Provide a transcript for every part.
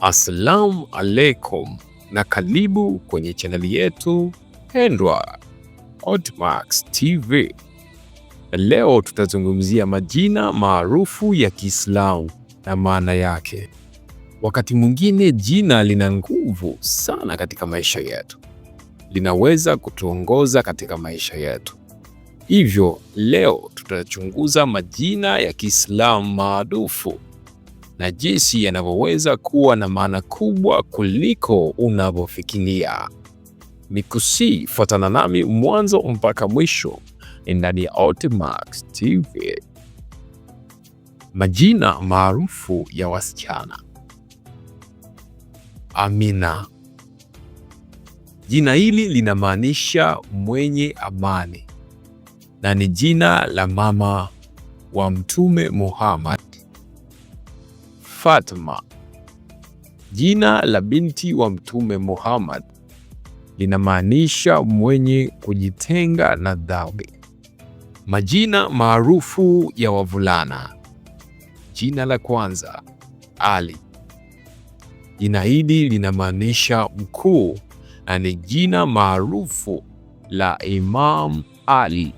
Assalamu alaikum na karibu kwenye chaneli yetu pendwa Hotmax TV. Leo tutazungumzia majina maarufu ya Kiislamu na maana yake. Wakati mwingine jina lina nguvu sana katika maisha yetu, linaweza kutuongoza katika maisha yetu. Hivyo leo tutachunguza majina ya Kiislamu maarufu na jinsi yanavyoweza kuwa na maana kubwa kuliko unavyofikiria. Mikusi, fuatana nami mwanzo mpaka mwisho ndani ya Otmax TV. Majina maarufu ya wasichana: Amina. Jina hili linamaanisha mwenye amani na ni jina la mama wa Mtume Muhammad. Fatma, jina la binti wa Mtume Muhammad, linamaanisha mwenye kujitenga na dhambi. Majina maarufu ya wavulana. Jina la kwanza Ali. Jina hili linamaanisha mkuu na ni jina maarufu la Imam Ali.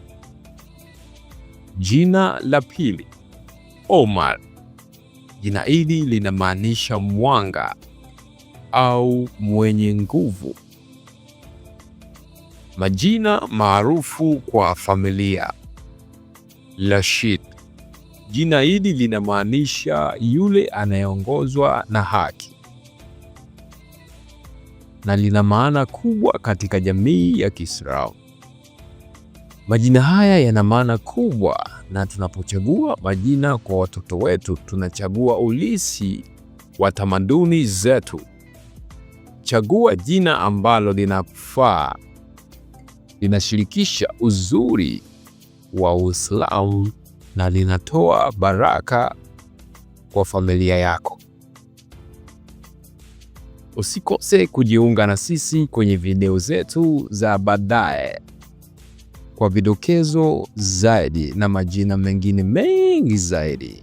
Jina la pili Omar. Jina hili linamaanisha mwanga au mwenye nguvu. Majina maarufu kwa familia. Rashid, jina hili linamaanisha yule anayeongozwa na haki na lina maana kubwa katika jamii ya Kiislamu. Majina haya yana maana kubwa na tunapochagua majina kwa watoto wetu, tunachagua ulisi wa tamaduni zetu. Chagua jina ambalo linafaa, linashirikisha uzuri wa Uislamu na linatoa baraka kwa familia yako. Usikose kujiunga na sisi kwenye video zetu za baadaye kwa vidokezo zaidi na majina mengine mengi zaidi.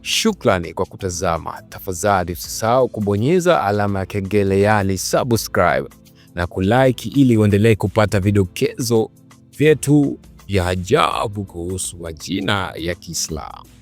Shukrani kwa kutazama. Tafadhali usisahau kubonyeza alama ya kengele yani subscribe na kulike ili uendelee kupata vidokezo vyetu vya ajabu kuhusu majina ya Kiislamu.